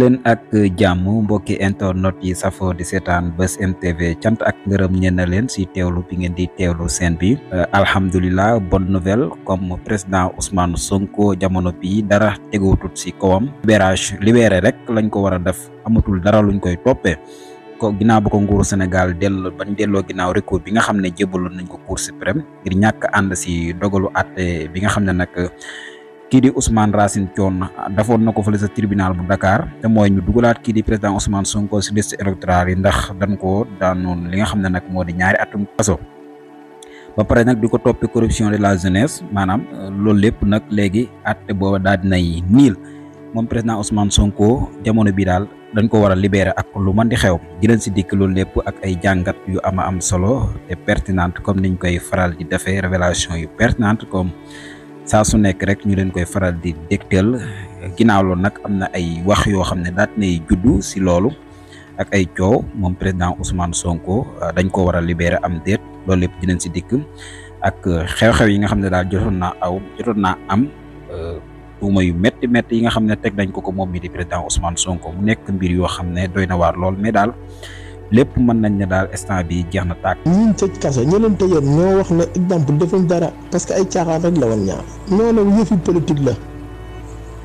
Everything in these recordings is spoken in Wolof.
len ak jàmm mbokki internet yi safo di setan Buzz mtv TV ak ngeureum ñen len ci si bi ngeen di tewlu sen bi eh, alhamdullilah bonne nouvelle comme president Ousmane Sonko jamono bi dara teguwutut ci kawam berage libéré rek lañ ko wara def amatul dara luñ koy topé ko ginnaaw bu ko nguuru senegal del bañ ginaaw rek ko bi nga xamne nañ ko Cour suprême ngir ñak and si dogalu ate. bi nga xamne nak kii di Ousmane Racine Thion dafoon na ko fële sa tribunal bu Dakar te mooy ñu dugalaat kii di président Ousmane Sonko si liste électorale yi ndax dañ ko daanoon li nga xam ne nag moo di ñaari atum kaso ba pare nag di ko toppi corruption de la jeunesse maanaam euh, loolu lépp nag léegi atte booba daal dinay niil moom président Ousmane Sonko jamono bi daal dañ ko war a libérer ak lu man di xew jëleen si dikk loolu lépp ak ay jàngat yu ama am solo te pertinente comme niñ koy faral di defee révélation yu pertinente comme saa su nekk rek ñu leen koy faral di dégtal ginaaw loolu nag am na ay wax yoo xam ne daat nay juddu si loolu ak ay coow moom président Ousmane Sonko euh, dañ ko war a libérer am déet loolu lépp dinañ si dikk ak euh, xew-xew yi nga xam ne daal jotoon naa aw jotoon naa am euh, tuuma yu métti métti yi nga xam ne teg dañ ko ko moom mi di président Ousmane Sonko mu nekk mbir yoo xam ne doy na waar lool mais daal. lépp mën nañ ne daal instant bi jeex na tàkk. ñiñ tëj kaso ñu leen tëjoon ñoo wax ne exemple defuñ dara parce que ay caaxaan rek la woon ñaar ñoo ne yëfi politique la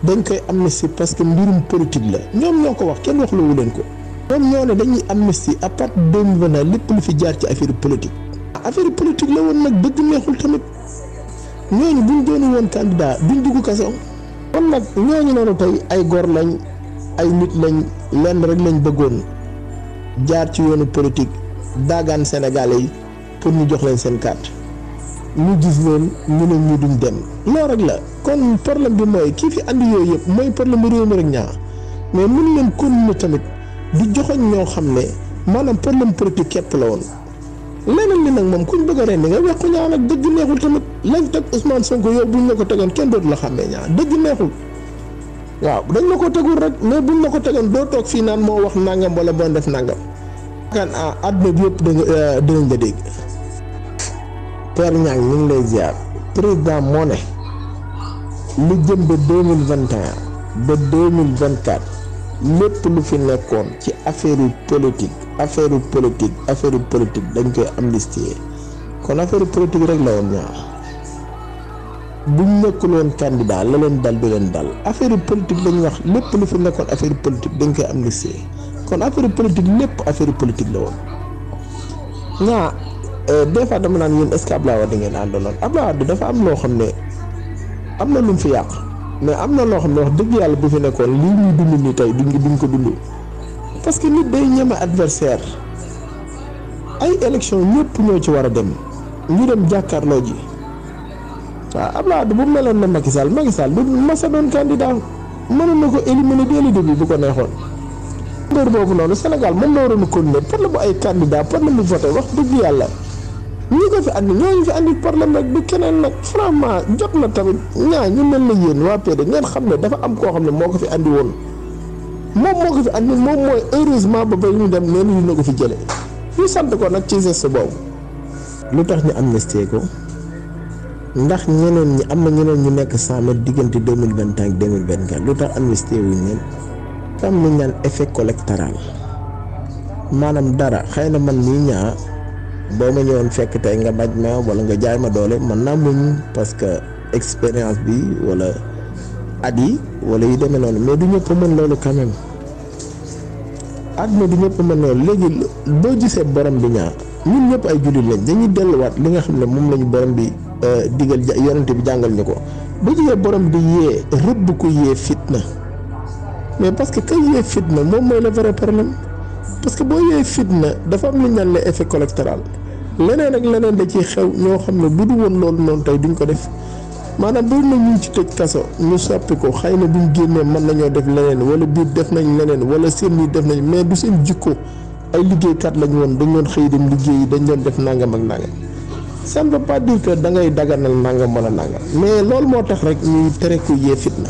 dañ koy amnistie parce que mbirum politique la ñoom ñoo ko wax kenn wax loowu leen ko ñoom ñoo ne dañuy amnistie à partir de 2020 lépp lu fi jaar ci affaire politique. affaire politique la woon nag dëgg neexul tamit ñooñu buñ doonu woon candidat duñ dugg kaso kon nag ñooñu noonu tey ay gor lañ ay nit lañ lenn rek lañ bëggoon. jaar ci yoonu politique daagaan sénégalais yi pour ñu jox leen seen carte ñu gis leen ñu ne ñu duñ dem loolu rek la kon problème bi mooy kii fi andi yooyu yëpp mooy problème bu réew mi rek ñaa mais mën leen continuer tamit di joxoñ ñoo xam ne maanaam problème politique képp la woon leneen li nag moom kuñ bëgg a rendi nga ko ñaa nag dëgg neexul tamit lañ teg Ousmane Sonko yow buñ la ko tegoon kenn dootu la xàmmee ñaa dëgg neexul waaw dañ la ko tegul rek mais buñ la ko tegoon doo toog fii naan moo wax nangam wala moo def nangam kan ah, at bi yëpp dinañ la eh, dégg Père Niang ñu ngi lay ziar président moo ne lu jëm ba deux mille vingt et lu fi nekkoon ci affaire politique affaire politique affaire politique dañ koy amnistier kon affaire yu politique rek la woon ñaar buñ nekkuloon candidat la leen dal du leen dal affaire yu politique lañ wax lépp lu fi nekkoon affaire politique dañ koy amnistier kon affaire politique lepp affaire politique la woon ñaa euh, des fois dama nan yeen est ce que Ablaye Wade ngeen àndoonoon abla Wade dafa am lo xamne ne am lu fi yaq mais amna lo xamne ne wax deug yalla bu fi nekkoon li ñuy dund ni tay duñ duñ ko dund parce que nit day ñeme adversaire ay élection ñepp ñoo ci wara dem ñu dem jakarlo ji wa abla Wade bu meloon na Macky Sall Macky Sall du doon candidat mënon nako ko éliminer dès le début bu ko neexone ampleur boobu noonu Sénégal moom la waroon a continuer problème bu ay candidat problème bu voté wax dëgg yàlla ñi ko fi andi ñooñu fi andi problème rek du keneen nag franchement jot na tamit ñaa ñu mel ne yéen waa PD ngeen xam ne dafa am koo xam ne moo ko fi andi woon moom ko fi andi moom mooy heureusement ba ba ñu dem neen na ko fi jëlee ñu sant ko nag ci geste boobu lu tax ñu amnistie ko ndax ñeneen ñi am na ñeneen ñu nekk diggante 100 mètres diggante 2021 ak 2024 lu tax amnistie wuñ leen tam lu ñaan effet collectoral manam dara xeyna man ni ñaa bo ma ñewon fekk tay nga bañ ma wala nga jaay ma doole man na muñ parce que experience bi wala adi wala yi demé non mais du ñëpp mën loolu quand même àdduna du ñëpp mën loolu légui boo gisé borom bi ñaa ñun ñëpp ay jullit lañ dañuy wat li nga xam mom lañu borom bi eh, digal yoonte bi jangal ñuko bu jige borom bi yee rëbb ko yee fitna mais parce que kañ ye fitna mom moy le vrai problème parce que bo ye fitna dafa am lu ñal le effet collatéral leneen ak leneen da ci xew ño xamne bu du won lool non tay duñ ko def manam bu ñu ñu ci tëj kasso ñu soppi ko xëy buñu génné man lañu def leneen wala bi def nañ leneen wala seen ni def nañ mais du seen jikko ay liggéey kat lañ won dañ won xëy dem liggéey dañ leen def nangam ak nangam ça ne veut pas dire que da ngay daganal nangam wala nangam mais lool mo tax rek ñu tere ko ye fitna.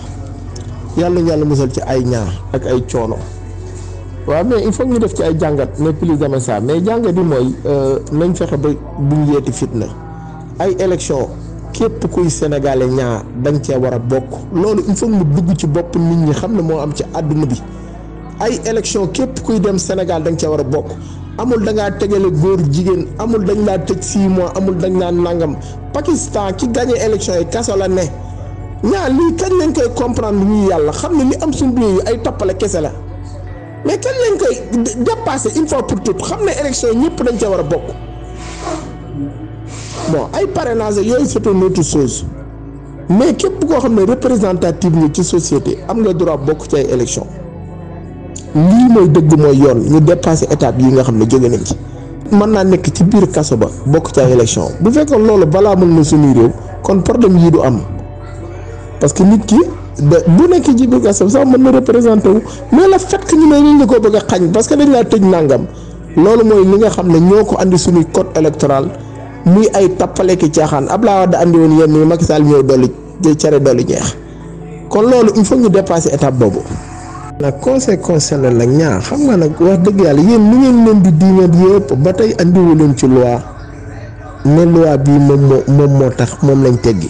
yàlla ñu yàlla musal ci ay ñaar ak ay coono waaw mais il faut ñu def ci ay jàngat mais plus jamais ça mais jàngat yi mooy euh, nañ fexe ba buñ yeeti fitna ay élection képp kuy sénégalais ñaar dañ cee war a bokk loolu mu dugg ci bopp xam ne moo am ci àdduna bi ay élection képp kuy dem Sénégal dañ cee war a bokk amul da ngaa tegale góor jigéen amul dañ laa tëj six mois amul dañ laa nangam Pakistan ci gagné élection yi kaso la ne. ñaar lii kañ lañ koy comprendre ñuy yàlla xam ne li am suñu biir ay toppale kese la mais kañ lañ koy dépasser une fois pour toutes xam ne élection ñëpp dañ ca war a bokk bon ay parrainage yooyu c'est une autre chose mais képp koo xam ne représentative ñu ci société am nga droit bokk ci ay élection lii mooy dëgg mooy yoon ñu dépasser étape yi nga xam ne jóge nañ ci mën naa nekk ci biir kaso ba bokk ci ay élection bu fekkoon loolu balaa mën na suñuy réew kon problème yii du am parce que nit ki da bu nekk Djibril Kassam sax mën na représenté wu mais la fait que ñu ne liñ ko bëgg a xañ parce que dañ laa tëj nangam loolu mooy li nga xam ne ñoo ko andi suñu code électoral muy ay tappaleki caaxaan Abdoulaye Wade andi woon yenn yi Macky Sall ñëw dolli cere dolli jeex kon loolu il faut ñu dépasser étape boobu. nag conseil constitutionnel nag ñaar xam nga nag wax dëgg yàlla yéen lu ngeen leen di diineet yépp ba tey wu leen ci loi ne loi bii moom moom moo tax moom lañ teggi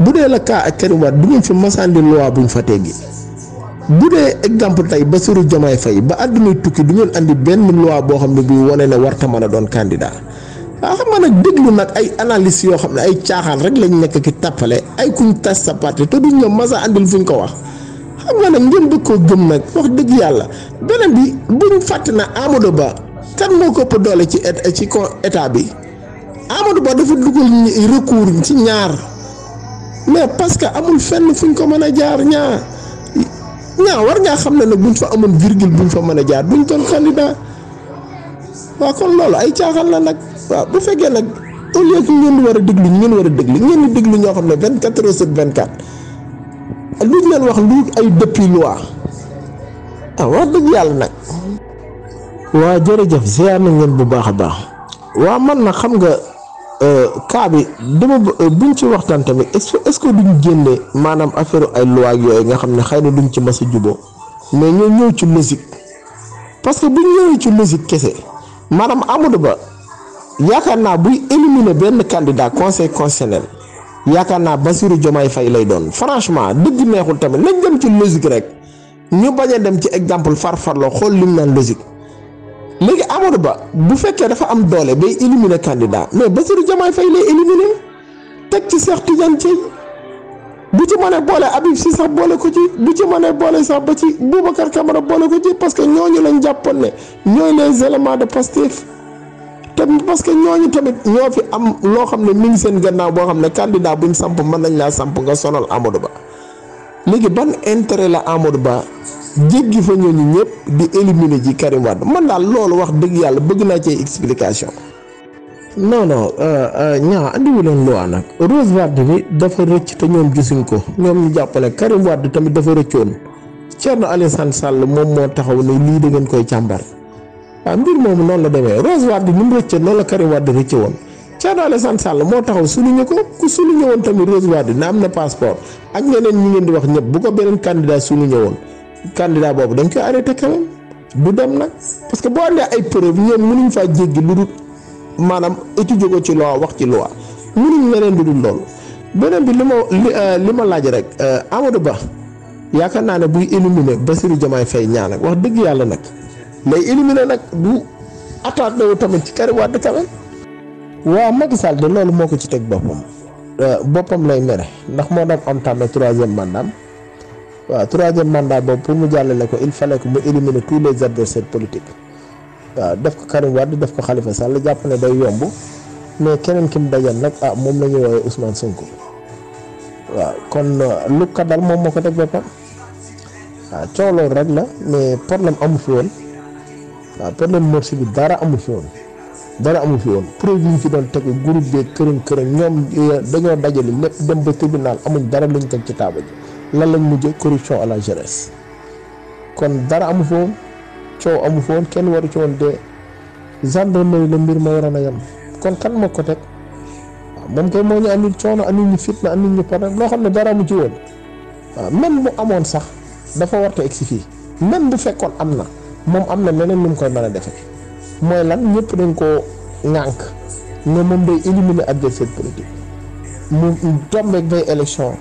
bu dee la cas ak Karim Wade du ngeen fi masandi loi buñ fa teggi bu dee exemple tey Bassirou Diomaye Faye ba àdduna tukki du ngeen andi benn loi boo xam ne bii wane ne warta mën a doon candidat waaw ah, xam nga nag déglu nag ay analyse yoo xam ne ay caaxaan rek lañ nekk ki tappale ay kuñ tas sa parti te duñ ñoom masa andil fuñ ko wax xam nga nag ngeen bëgg koo gëm nag wax dëgg yàlla beneen bi buñ fàtte na Amadou Ba kan moo ko ëpp doole ci ci état bi Amadou Ba dafa dugal recours ci ñaar mais parce que amul fenn fuñ ko mëna jaar ñaa ñaa war nga xamne nak buñ fa amoon virgule buñ fa mëna jaar buñ ton candidat wa kon loolu ay tiaxal la nak oh, wa ah, bu fekkee nak au lieu que ngeen war a déglu ngeen war a déglu ngeen di déglu 24 heures sur 24 luñ leen wax lu ay depuis loi ah wa wax yalla nak wa jere jef ziar na ngeen bu baax baax wa man na xam nga Euh, cas bi dama euh, buñ ci waxtaan tamit est-ce que duñ génne maanaam affaire ay loi ak yooyu nga xam ne xay na duñu ci mas a juboo mais ñoo ñëw ci logique parce que buñ ñëwee ci logique kese maanaam Amadou Ba yaakaar naa buy éliminer benn candidat conseil constitutionnel yaakaar naa Bassirou Diomaye fay lay doon franchement dëgg neexul tamit lañ dem ci logique rek ñu bañ a dem ci exemple farfarloo xool lim naan logique léegi Amadou Ba bu fekkee dafa am doole bay éliminer candidat mais Bassirou Diomaye fay lay éliminer tek ci Cheikh Tidiane Dièye bu ci mané bolé Habib ci sax bolé ko ci bu ci mané bolé sax ba ci Boubacar Camara bolé ko ci parce que ñoñu lañ jàppoon ne les éléments de Pastef te parce que ñoñu tamit ñoo fi am lo xamné mi ngi seen gannaaw bo xamné ne candidat buñ samp man lañ la samp nga sonal Amadou Ba léegi ban intérêt la Amadou Ba. jéggi fa ñooñu ñëpp di éliminer ji Karim Wade man daal loolu wax dëgg yàlla bëgg naa cee explication. non non euh, euh, ñaa andiwu leen loi nag Rose Wade bi dafa rëcc te ñoom gisuñ ko ñoom ñu jàpp ne Karim Wade tamit dafa rëccoon Thierno Alassane Sall moom moo taxaw ne lii da ngeen koy càmbar waaw mbir moomu noonu la demee Rose Wade ni mu rëcce noonu la Karim Wade rëcce woon Thierno Alassane Sall moo taxaw su ko ku souligné woon tamit Rose Wade ne am na passeport ak ñeneen ñi ngeen di wax ñëpp bu ko beneen candidat souligné woon candidat boobu dañ koy arrêté quand même du dem nag parce que boo andee ay preuve ñoom ñu faa jéggi lu dul maanaam étudier ko ci loi wax ci loi mënuñ leneen lu dul loolu beneen bi li ma li euh, ma laaj rek euh, Amadou Ba yaakaar naa ne buy éliminer Bassirou Diomaye Faye ñaa nag wax dëgg yàlla nag lay éliminer nag du attaque wu tamit ci Karim Wade quand même waaw Macky Sall de loolu moo ko ci teg boppam euh, boppam lay mere ndax moo doon am tànn troisième mandat waaw troisième mandat boobu pour mu jàllale ko il fallait que mu éliminer tous les adversaires politiques waaw def ko Karim Wade def ko xalifa Sall jàpp ne day yomb mais keneen ki mu dajal nag ah moom la ñuy woowee Ousmane Sonko waaw kon euh, lu ko dal moom moo ko teg boppam waaw coow rek la mais problème amu fi woon waaw problème morsi bi dara amul fi woon dara amu fi woon preuve yi ñu fi doon tegu groupe beeg këram këram ñoom euh, dañoo dajale lépp dem ba tribunal amuñ dara luñ teg ci taabal ji lan lañ mujj corruption à la jeunesse kon dara amu foon coow amu foon kenn waru ci woon dee gendarmerie la mbir ma waroon a yem kon kan moo ko teg waaw moom kay moo ñu andil coono andil ñu fitna xam ne dara amu ci woon waaw même bu amoon sax dafa war a egsi fii bu fekkoon am na moom am na leneen nu mu koy mën a defee mooy lan ñëpp dañ koo ŋànk ne moom day éliminer adversaire politique mu tombeeg day élection.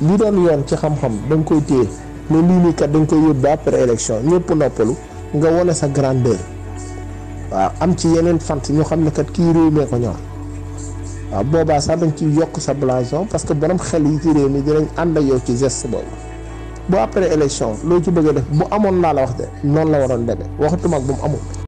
li doon yoon ci xam-xam da nga koy téye ne lii nii kat da nga koy yóbbu ba après élection ñëpp noppalu nga wane sa grandeur waaw am ci yeneen fant ñu xam ne kat kii réew mee ko ñor waaw boobaa sax dañ ci yokk sa blason parce que borom xel yi ci réew ni dinañ ànd ak yow ci geste boobu boo après élection loo ci bëgg a def bu amoon laa la wax de noonu la waroon demee waxatuma ak bu mu amul.